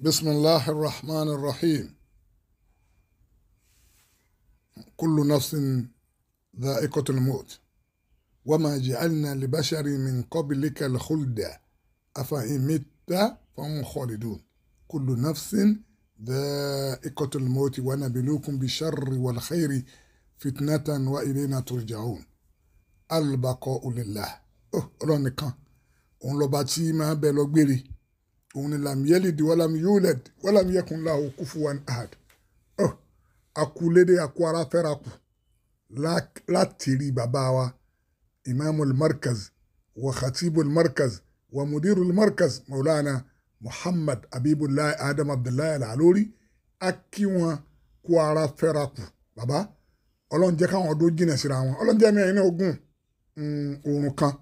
بسم الله الرحمن الرحيم كل نفس ذائقة الموت وما جعلنا لبشر من قبلك الخلد أفإن مت فهم خالدون كل نفس ذائقة الموت ونبلوكم بالشر والخير فتنة وإلينا ترجعون البقاء لله أوه أولا نكان أولا باتي ما بلو òun ni lam yẹlid walam yulad walam yakun lahu kufuwan ahad ọ oh, akulédè akó ara fẹ́ra kù láti rí bàbá wa imamul markaz wa khatibul markaz wa mudirul markaz maulana muhammad abibulayi adam abdullahi alalori akíwọn kó ara fẹ́ra kù bàbá ọlọ́run jẹ́ káwọn ọdún jìnnà síra wọn ọlọ́run jẹ́ mi ẹ̀yin ogun mm, oòrùn kan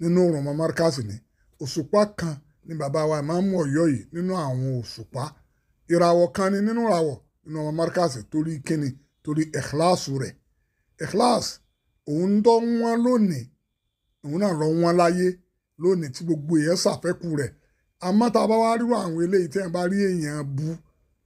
nínú oòrùn mọ́ markaz ni òṣùpá kan ni bàbá wa ìmáàmù ọ̀yọ́ yìí nínú àwọn òṣùpá ìràwọ̀ kan ni nínú ìràwọ̀ nínú ọmọ Markaz torí kíni torí ẹ̀kíláàsù rẹ̀ ẹ̀kíláàsù òun tó wọ́n lónìí òun náà lọ wọ́n láyé lónìí tí gbogbo èèyàn ṣàfẹ́kù rẹ̀ àmọ́ tá a bá wá rírọ àwọn eléyìí tí wọ́n bá rí èèyàn bu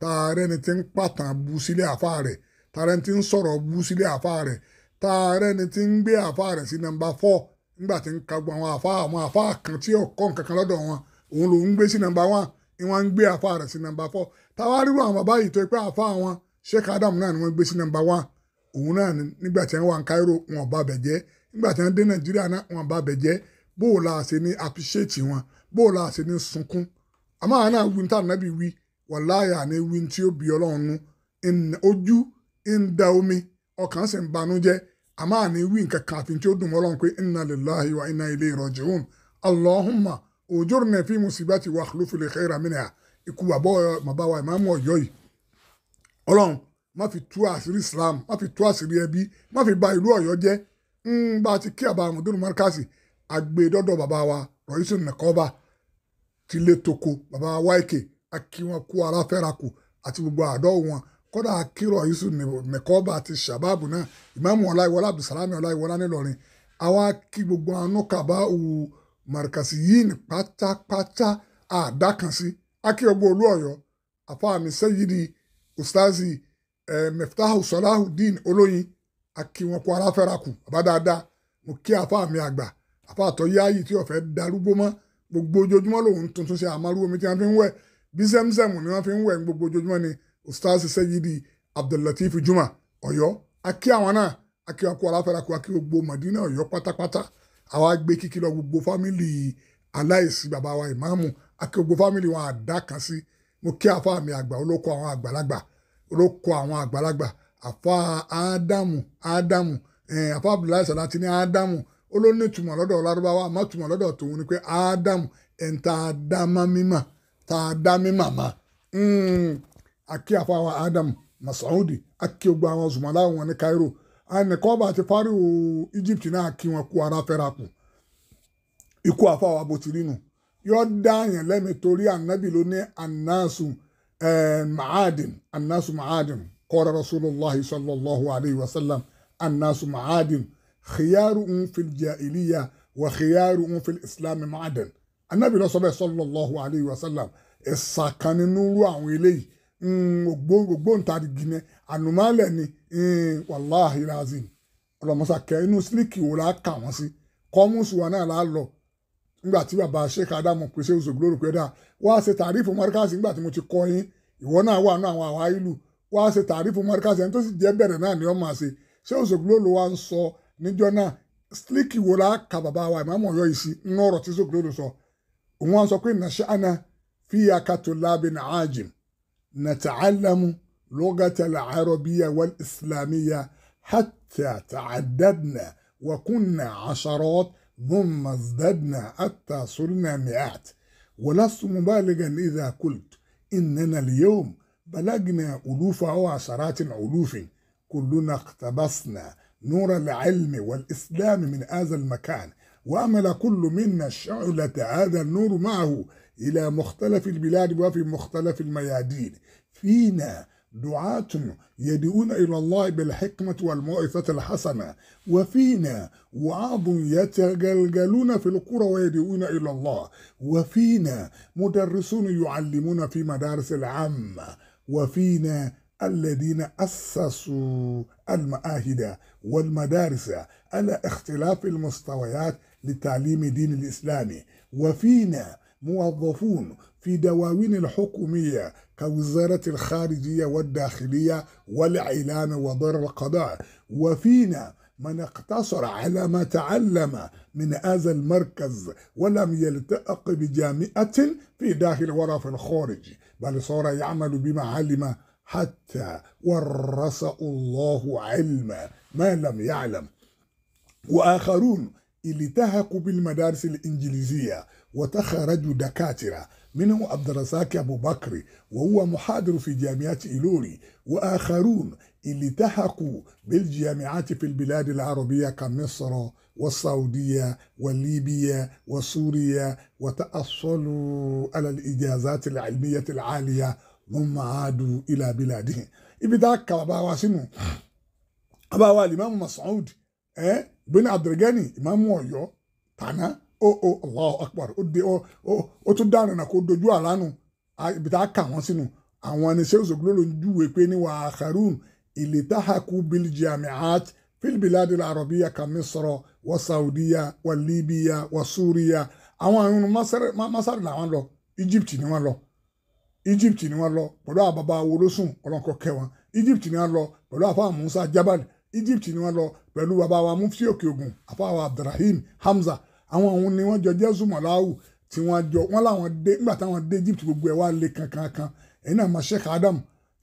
tá a rẹ́ni tí ń pàtàn bu sílé àfa rẹ̀ tá a rẹ́ni tí ń sọ̀rọ̀ bu sílé àfa rẹ̀ tá a rẹ́ni tí ń gbé àfa rẹ̀ sí nọ́mbà fọ́ nígbà tí ń kagbọ́n àwọn àfa àwọn àfa kan tí ò kọ́ nǹkan kan lọ́dọ̀ wọn òun lòun ń gbé sí nàmbà one ìwọ̀n ń gbé àfa rẹ̀ sí nàmbà four táwa rírò àwọn bàbá yìí tó pé àfa Adam náà ni wọ́n gbé sí nàmbà one òun náà nígbà tí wọ́n wà ní Cairo wọn bá bẹ̀ jẹ́ nígbà tí wọ́n dé Nàìjíríà náà wọn bá bẹ̀ jẹ́ bó la ṣe ní appreciate wọn bó la ṣe ní sunkún àmọ́ àwọn náà wíńtà nàbí omi ọkàn sì ń àmọ́ àní wí nǹkan kan àfi tí ujurna fi musibati wa khlufu li khaira minha ikú bàbá bàbá wa ìmáàmù ọ̀yọ́ yìí ọlọ́run má fi tú àṣírí islam má fi tú àṣírí ẹbí má fi ba ìlú ọ̀yọ́ jẹ́ ń bá a ti kí àbá àmọ̀dúnrún márkàsì àgbè dọ́dọ̀ bàbá wa rọ̀yísùn nàkọ́bà ti lé toko bàbá wáìkè akíwọn kú ara fẹ́ra kù àti gbogbo àdọ́ wọn kọ́dà akírọ̀ yusuf nàkọ́bà àti sàbáàbù náà ìmáàmù ọláìwọlá abdulsalami ọláìwọlá nílọrin àwa kí gbogbo anúkàbá òwò màrìkàsì yin ní pátápátá àdákànsí akíọgbọ olú Ọ̀yọ́ àfààní sẹyìdì ustazi ẹ mẹfitahu salahudeen olóyin akíwọn kó aláfẹ́rakù àbádáadáa mo kí àfààní àgbà àfààtọ̀ yáàyè tí ọ̀fẹ́ darúgbó mọ́ gbogbo ojoojúmọ́ lòun tuntun ṣe àmọ́rú omi tí wọ́n fi ń wẹ̀ bí zemzem ni wọ́n fi ń wẹ̀ gbogbo ojoojúmọ́ ni ustazi sẹyìdì abdullateef juma Ọ̀yọ́ akí àwọn náà akíwọn kó aláfẹ́rakù akí gbogbo Madina Ọ̀yọ́ pátápátá àwa gbé kíkí lọ gbogbo fámìlì aláìsí bàbá wa ìmáàmù àti gbogbo fámìlì wọn àdá kan sí mo kí àfa mi àgbà olóko àwọn àgbàlagbà olóko àwọn àgbàlagbà àfa ádámù ádámù eh, àfa abdullahi salati ní ádámù olónìtumọ̀ lọ́dọ̀ ọ̀làdúbáwá àmọ́tumọ̀ lọ́dọ̀ tòun ni pé ádámù ẹ̀ńtà ádámá mímà tá a dá mímà má àkí àfa àwọn ádámù masaudi àkí gbogbo àwọn zùmọ̀lá wọn ní Cairo ànìkọ́ba àti fáríwò Egypt náà kí wọn kú ara fẹ́ra kù ikú àfàwọn abotirinu yóò dá àyàn lẹ́mi torí ànábì ló ní anasu ma'adin anasu ma'adin qala rasulullah sallallahu alayhi wa sallam anasu ma'adin khiyaruhum fil jahiliya wa khiyaruhum fil islam ma'adin ànábì ló sọ bẹ́ẹ̀ sallallahu alayhi wa sallam ẹ̀sà kan nínú irú àwọn eléyìí gbóǹtarì gíní ànùmálẹ̀ ni. ee eh, wàláhì razim ọlọmọsàkẹ inú sílíkì wo la kà wọ́n sí kọ́mùsù wa náà lọ nígbà tí bàbá sheikh adamu pèsè òṣògbólórò pé dáa wá ṣe tàrífù mọ́ríkàsì nígbà tí mo ti kọ́ yín ìwọ náà wà àwọn àwa ìlú wá ṣe tàrífù ẹni tó sì náà ni máa ṣe ṣé wa ń sọ níjọ́ náà sílíkì wo la kà bàbá wa ìmáàmù ọ̀yọ́ yìí sí nínú ọ̀rọ̀ tí òṣògbólórò sọ òun wá sọ pé nàṣẹ́ àná fíyà لغة العربية والإسلامية حتى تعددنا وكنا عشرات ثم ازددنا حتى صرنا مئات ولست مبالغا إذا قلت إننا اليوم بلغنا ألوف أو عشرات ألوف كلنا اقتبسنا نور العلم والإسلام من هذا المكان وأمل كل منا شعلة هذا النور معه إلى مختلف البلاد وفي مختلف الميادين فينا دعاة يدعون إلى الله بالحكمة والموعظة الحسنة وفينا وعظ يتجلجلون في القرى ويدعون إلى الله وفينا مدرسون يعلمون في مدارس العامة وفينا الذين أسسوا المعاهد والمدارس على اختلاف المستويات لتعليم دين الإسلام وفينا موظفون في دواوين الحكومية كوزارة الخارجية والداخلية والإعلام ودار القضاء وفينا من اقتصر على ما تعلم من هذا المركز ولم يلتأق بجامعة في داخل ورف في الخارج بل صار يعمل بما علم حتى ورث الله علم ما لم يعلم وآخرون التهقوا بالمدارس الإنجليزية وتخرج دكاترة منهم عبد الرزاق أبو بكر وهو محاضر في جامعة إيلوري وآخرون اللي التحقوا بالجامعات في البلاد العربية كمصر والسعودية وليبيا وسوريا وتأصلوا على الإجازات العلمية العالية ثم عادوا إلى بلادهم إبداك أبا واسمو أبا الإمام مسعود إيه بن عبد الغني إمام ويو تعنا ó ó Allahu Akbar ó tún dànù náà kó dojú àlánù ibi tá a kà wọ́n sínú àwọn ẹni ṣé òṣogbo ló ń júwe pé ní wàá harun ìlítàhàkú bil jamiat fil biladi arabiya ka misra wa saudiya wa libiya wa suriya àwọn àwọn masari làwọn lọ egypt ni wọ́n lọ egypt ni wọ́n lọ pẹ̀lú àbàbà wolosun ọlọ́nkọ kẹwọn egypt ni wọ́n lọ pẹ̀lú àfa musa jabal egypt ni wọ́n lọ pẹ̀lú bàbá wa mufti òkè ògùn àfa wa abdulrahim hamza àwọn òun ni wọ́n jọ jésù malawu tí wọ́n jọ wọ́n láwọn dé nígbà táwọn dé egypt gbogbo ẹ̀ wá le kankan kan ẹ̀yin náà ma sheikh adam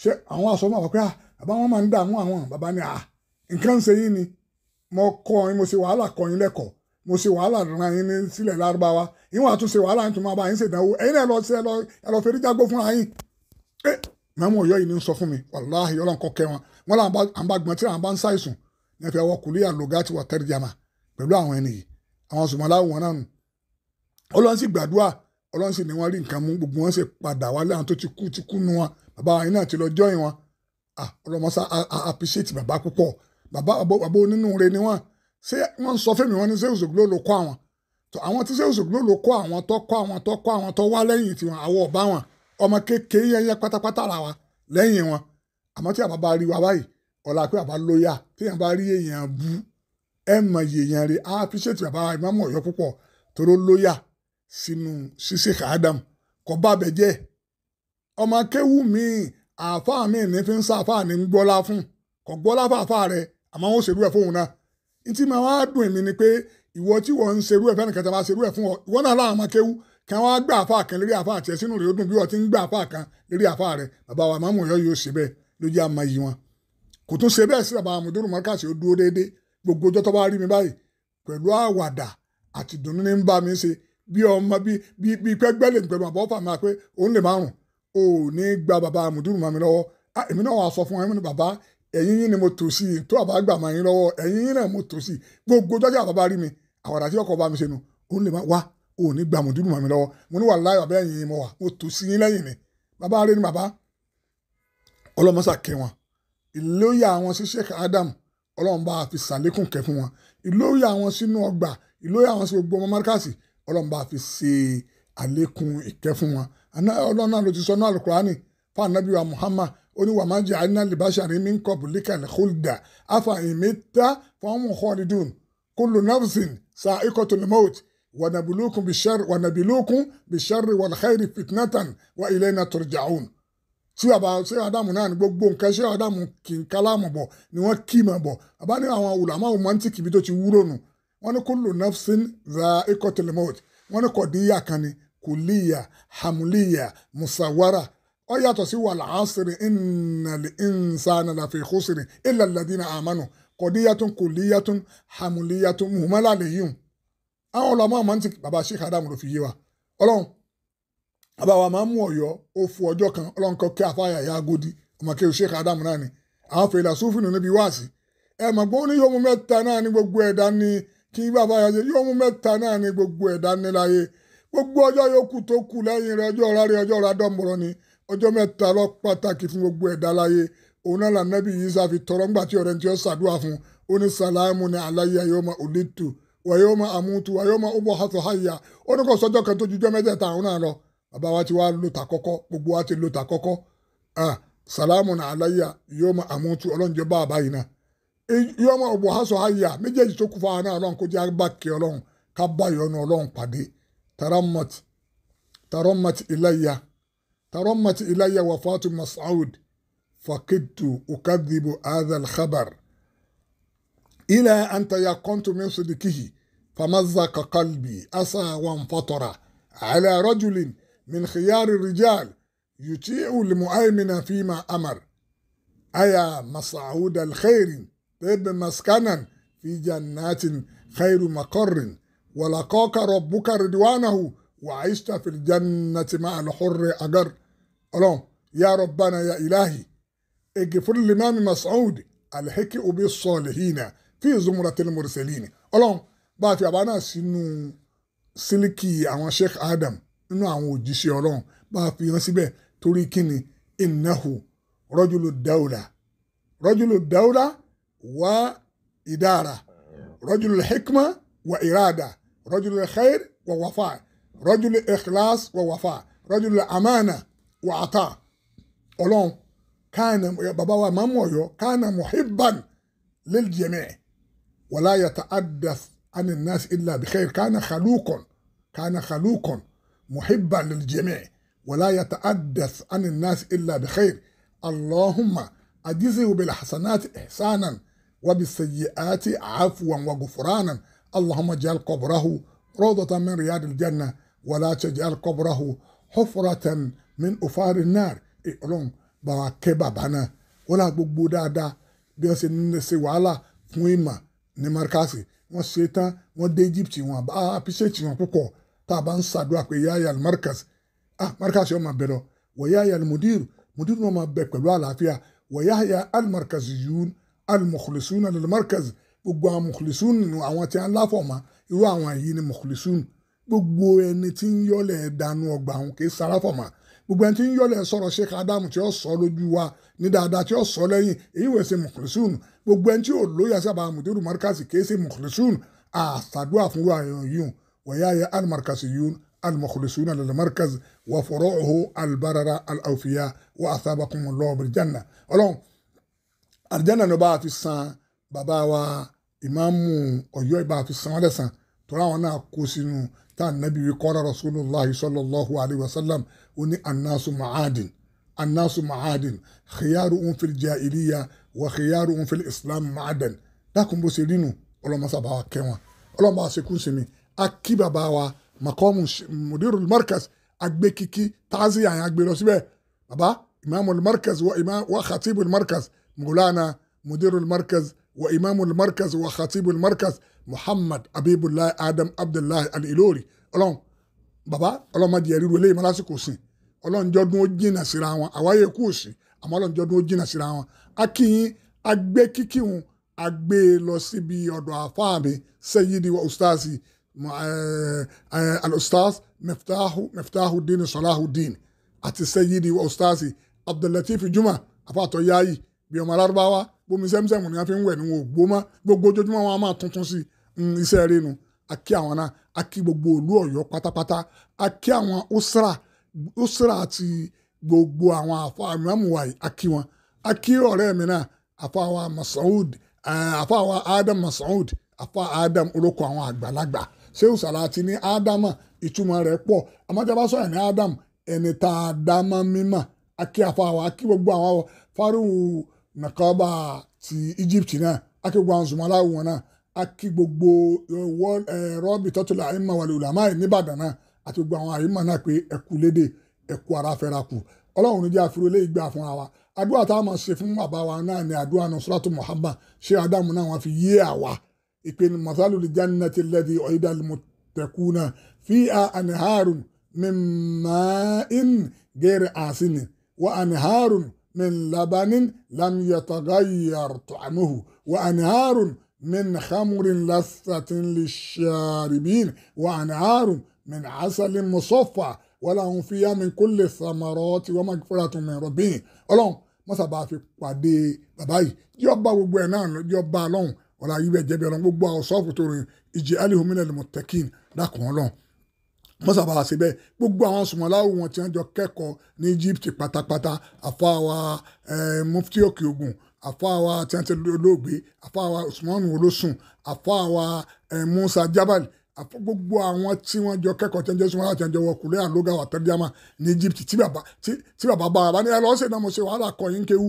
ṣe àwọn asọ́mọ́ àwọn pé a ah, bàbá wọn máa ń dààmú àwọn bàbá ni à ah, nǹkan ṣe yín ni mo kọ́ yín mo ṣe wàhálà kọ́ yín lẹ́kọ̀ọ́ mo ṣe wàhálà ran yín ní sílẹ̀ lárúbáwá ìwọ̀n àtúnṣe wàhálà yín tó máa bá yín náà ẹ lọ yìí ni ń sọ fún mi wàláhì ọlọ́nkọ́ àwọn sùnmọ́ láwọn náà nù ọlọ́run sì gbàdúrà ọlọ́run sì ní wọ́n rí nǹkan mú gbogbo wọn sì padà wálé àwọn tó ti kú ti kú nu wọn bàbá yìí náà ti lọ jọ́yìn wọn ọlọ́mọsá appreciate bàbá púpọ̀ bàbá bàbá onínúure ni wọ́n ṣé wọ́n sọ fẹ́mi wọn ní sẹ́wọ̀n sògbó ló kọ́ àwọn tó àwọn tí sẹ́wọ̀n sògbó ló kọ́ àwọn tó kọ́ àwọn tó kọ́ àwọn tó wá lẹ́yìn tiwọn àwọ̀ ọ̀bá wọn ọmọ kékeré yẹn yẹn pátápátá ra wa lẹ́yìn wọn àmọ́ tí àbá bá rí wa báyìí ọ̀la pé àbá lóyà téèyàn bá rí èèyàn bú ẹ mọ iye èèyàn rẹ̀ á appreciate bàbá ìmáàmù ọ̀yọ́ púpọ̀ toró lóyà sínú ṣíṣe kàádàm kọ́ bá bẹ jẹ́ ọmọ akéwù míì àáfàá míì ní fi ń sáfàá ní gbọ́lá fún kọ́ gbọ́lá fàáfàá rẹ̀ àmọ́ wọn ò ṣerú ẹ̀ fóun náà ntí màá wá dùn èmi ni pé ìwọ tí wọ́n ń ṣerú ẹ̀ fẹ́ni kẹta máa ṣerú ẹ̀ fún ọ ìwọ náà láwọn ọmọ akéwù kí wọ́n á gbà kan lérí àfáà tiẹ̀ sínú rẹ̀ ó dùn bí wọ́n ti ń gbà àfáà kan lérí àfáà rẹ̀ bàbá wa Ìmáàmù Ọ̀yọ́ yóò ṣe bẹ́ẹ̀ ló jẹ́ yìí wọn kò tún ṣe bẹ́ẹ̀ sí bàbá àmọ̀dúró mọ́kàsí ó dúró déédéé gbogbo ọjọ́ tó bá rí mi báyìí pẹ̀lú àwàdà àti ìdùnnú ní ń bá mi ṣe bí ọmọ bí bí bí pẹ́gbẹ́ lè pẹ̀lú àbọ̀ fà máa pé òun lè márùn ò ní gba bàbá àmùdúrù mọ́ mi lọ́wọ́ èmi náà wàá sọ fún ẹ̀mí bàbá ẹ̀yìn yín ni mo tò sí i tó àbá gbà máa yín lọ́wọ́ ẹ̀yìn yín náà mo tò sí i gbogbo jọjọ́ àbábá rí mi àwàdà tí ọkọ bá mi ṣe nu òun lè má wá òun ní gba àmùdúrù mọ́ mi lọ́wọ́ mo ní wà láyọ̀ abẹ́ ẹ̀yìn mo wà mo tò sí yín lẹ́yìn ni bàbá rí ni bàbá ọlọ́mọsà kẹwọn ìlóyà àwọn sí Adam ọlọ́run bá fi sàlékùn kẹ́ fún wọn ìlórí àwọn sínú ọgbà ìlórí àwọn sí gbogbo ọmọ márkàsì ọlọ́run bá fi ṣe àlékún ìkẹ́ fún wọn ọlọ́run náà ló ti sọ ní alukurani fún anabi wa muhammad ó ní wàá má jẹ àdínà libasari min kọbùlíkà lẹ́kọ́lùdà afa ìmẹ́ta fọ́ọ̀mù kọ́ọ̀dídùn kúlù nafsin sa ikọ̀tùlmọ́t wànàbìlókun bìṣẹ́rì wàlẹ́kẹ́rì fitnatan wà ilayna turja'un sí bàbá sí Ádámù náà ní gbogbo nǹkan sí Ádámù kì í kálámù bọ̀ ni wọ́n kì í mọ̀ bọ̀ bàbá ní àwọn ulama romantic ibi tó ti wúlò nù wọ́n ní kullu nafsin za ikotil maut wọ́n ní kọ̀díyà kan ni kùlíyà hamuliya musawara ó yàtọ̀ sí wal asri innal insana lafi khusri illa alladhina amanu kọ̀díyàtún kùlíyàtún hamuliyàtún muhumala lèyìn àwọn ulama romantic bàbá sí Ádámù ló fi yé wa ọlọ́run àbáwá máa ń mú ọ̀yọ́ ofu ọjọ́ kan ọlọ́nkọ́ kí afáyà ya agodi ọmọkẹ́ Sheikh Adam náà ni àwọn fèrè àsúfin nù níbi wáàsí ẹ mọ̀ pé ó ní yọmú mẹ́ta náà ní gbogbo ẹ̀dá ní kí bàbá yà ṣe yọmú mẹ́ta náà ní gbogbo ẹ̀dá ní láyé gbogbo ọjọ́ yòókù tó kù lẹ́yìn rẹ̀ ọjọ́ rárí ọjọ́ ni ọjọ́ mẹ́ta lọ pàtàkì fún gbogbo ẹ̀dá láyé òun náà lànàbí yìí tọrọ ńgbà tí ọ̀rẹ́ ti ọ́ sàdúrà fún ó ní sàlámù ní aláyé ayọ́mọ òlítù wàyọ́mọ àmútu wàyọ́mọ ọbọ̀ hàtọ̀ háyà ó ní kò sọ́jọ́ kan tó bàbá wa ti wá lò tà kọ́kọ́ gbogbo wa ti lò tà kọ́kọ́ ah salamu na alayya yóò mọ àmútu ọlọ́njẹ́ bá àbá yìí náà yóò mọ ọ̀bọ̀ aṣọ àyà méjèèjì tó kú fáwọn náà ọlọ́run kó jẹ́ àgbà kí ọlọ́run ká bá yọnu ọlọ́run pàdé taramat taramat ilayya taramat ilayya wafatu masaud fakitu ukadibu adal khabar ila anta yakuntu min sidikihi famazaka qalbi asa wa nfatora ala rajulin من خيار الرجال يطيع المؤمن فيما أمر أيا مصعود الخير طب مسكنا في جنات خير مقر ولقاك ربك رضوانه وعشت في الجنة مع الحر أجر الله يا ربنا يا إلهي اغفر الإمام مسعود الحكي بالصالحين في زمرة المرسلين الله بات يا بنا سنو سلكي أو شيخ آدم nínú àwọn òjíṣẹ́ ọlọ́run bá a fi hàn síbẹ̀ torí kíni innahu rọ́júlù dáúlà rọ́júlù dáúlà wá ìdára rọ́júlù hikma wà ìràdà rọ́júlù khair wà wàfà rọ́júlù ikhlas wà wàfà rọ́júlù amánà wà àtà ọlọ́run káànà bàbá wa máa mọ̀ yọ káànà muhibban lil jami' wàlá yàtà àdàf àni nàás illa bi khair káànà khalukon káànà محبا للجميع ولا يتأدث عن الناس إلا بخير اللهم أجزه بالحسنات إحسانا وبالسيئات عفوا وغفرانا اللهم اجعل قبره روضة من رياض الجنة ولا تجعل قبره حفرة من أفار النار ìrọ̀rùn bá wa ولا bàbá náà wọ́n là gbogbo dáadáa bí wọ́n ṣe ń ṣe wàhálà fún tá a bá ń ṣàdúrà pé yáyà markaz ah markaz yóò máa bẹ lọ wọ̀yáyà mudir mudir náà máa bẹ pẹ̀lú àlàáfíà wọ̀yáyà almarkaziyun almukhlisun almarkaz gbogbo àwọn mukhlisun àwọn tí wọn láfọ̀mọ́ irú àwọn yìí ni mukhlisun gbogbo ẹni tí ń yọlẹ̀ dànù ọgbà àwọn kì í saráfọ̀mọ́ gbogbo ẹni tí ń yọlẹ̀ sọ̀rọ̀ Sheikh Adamu tí ó sọ lójú wa ní dáadáa tí ó sọ lẹ́yìn èyí wẹ̀ ṣe mukhlisun gbogbo ẹni tí ò lóyà sábà mudiru markaz kì í ṣe mukhlisun àṣàdúrà fúnra ẹ̀yàn yìí وياي المركزيون المخلصون للمركز وفروعه البررة الأوفياء وأثابكم الله بالجنة ọlọ́run àdìjẹ́nà ló bá fi san bàbá wa ìmáàmù ọ̀yọ́ ìbá fi san wọ́n lẹ́sàn torí àwọn náà kó sínú tá ànábì wí kọ́ra rasulillah sallallahu alayhi wa sallam ó ní anasu ma'adin anasu ma'adin khiyaru unfil jahiliya wa khiyaru unfil islam ma'adan dákun bó ṣe rí nu ọlọ́mọ sábà wa kẹ́ wọn ọlọ́mọ àṣekú sí mi akí bàbá wa makọ́mù mudiru markaz agbé kíkí táàzì àyàn agbé lọ síbẹ̀ bàbá imaamu markaz wa imam wa khatibu markaz mugulana mudiru markaz wa imaamu markaz wa khatibu markaz muhammad abibulayi adam abdullahi alilori ọlọ́run bàbá ọlọ́run má jẹ́ ríru eléyìí malásìkò sìn ọlọ́run jọdún ó jìnnà síra wọn àwáyé kù sí àmọ́ ọlọ́run jọdún ó jìnnà síra wọn akínyìn agbé kíkí wọn lọ síbi ọ̀dọ̀ àfáà sẹ́yìn ni ustaasi الاستاذ مفتاح مفتاح الدين صلاح الدين àti sẹ́yìdì ọ̀stáàsì abdullatif juma àfàtọ̀ yaayi bí ọmọ alárúbáwá bomi zẹ́mzẹ́m ni wọ́n fi ń wẹ̀ níwọ̀n ògbó mọ́ gbogbo ojoojúmọ́ wọn a máa tuntun sí mm, iṣẹ́ rẹ nu akí àwọn náà akí gbogbo òlú ọ̀yọ́ pátápátá akí àwọn usra usra àti gbogbo àwọn àfa àmàmùwàyí akí wọn akí ọ̀rẹ́ mi náà àfa wa masoud eh, àfa wa adam masoud àfa adam olóko àwọn àgbàlagbà ṣéwùsàrà àti ní ádámà ìtumọ̀ rẹ̀ pọ̀ amájábá sọ̀rọ̀ ní ádámù ẹni tá a dá mọ́ akí afáwọ̀ akí gbogbo àwọn fáríwù nàkọ́bà ti Egypt náà akí gbogbo àwọn zùmọ́láwù wọn náà akí gbogbo eh, eh, rọ́bì tọ́tùlà àyínmọ̀ wàlẹ̀ òlàmá ẹ̀ nìbàdàn náà àti gbogbo àwọn àyínmọ̀ náà pé ẹ̀kú léde ẹ̀kú ara fẹ́ra kù ọlọ́run ní ìpè ní masalu lè jánà ti lẹ́dí ọ̀yídà mọ̀tẹ́kùnà fi a aniharun min ma'in gẹ́rẹ́ àsìnì wa aniharun min labanin lam yatagayyar ta'amuhu wa aniharun min khamrin lasatin lisharibin wa aniharun min asalin musaffa wala hun fiya min kulli samarati wa magfiratu min rabbihim ọlọ́run mọ́sàbá fi pàdé bàbá yìí gbogbo ẹ̀ náà jọba lọ́hùn ọ̀la yìí bẹ̀ jẹ́bi ọ̀nà gbogbo àwọn sọ́ọ̀fù tó rìn ìjì alihumina limotekin dákun ọlọ́run wọ́n sábà ṣe bẹ́ẹ̀ gbogbo àwọn sùmọ̀láwù wọn tí wọ́n jọ kẹ́kọ̀ọ́ ní Egypt pátápátá àfáwa mufti òkè ogun àfáwa tí wọ́n ti lóògbé àfáwa Usman olóṣùn àfáwa Musa Jabal gbogbo àwọn tí wọ́n jọ kẹ́kọ̀ọ́ tí wọ́n jẹ́ sùmọ̀láwù tí wọ́n jọ wọkùnrin àlóga wàtẹ́díàmà ní Egypt tí bàbá bá bá ní ẹ lọ́ọ́ sè náà mo ṣe wàhálà kọ̀yìn kéwú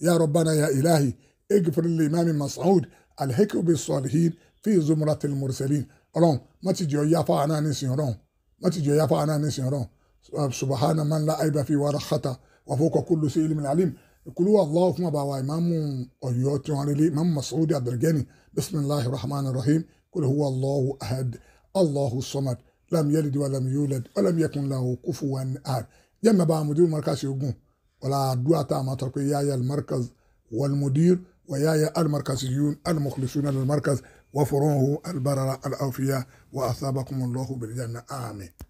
يا ربنا يا إلهي اغفر للإمام مسعود الحق بالصالحين في زمرة المرسلين ọlọ́run má ti jẹ́ ọ yáfa àná nísìnyí ọlọ́run má ti jẹ́ ọ yáfa àná nísìnyí ọlọ́run subahana man la aiba fi wàrà xata wà fún kọ kúlù sí ilmi alim kúlù wà lọ́wọ́ fún àbáwá ìmáàmù ọ̀yọ́ tí wọ́n relé ìmáàmù masoud abdulgani bisimilahi rahman rahim kúlù wà lọ́wọ́ ahad allahu samad lam yalid wa lam yulad wa lam yakun lahu kufuwan ahad jẹ́ mi bá a mudu markasi ogun. ولا دعاء ما تركوا يا يا المركز والمدير ويا يا المركزيون المخلصون للمركز وفروه البررة الأوفياء وأثابكم الله بالجنة آمين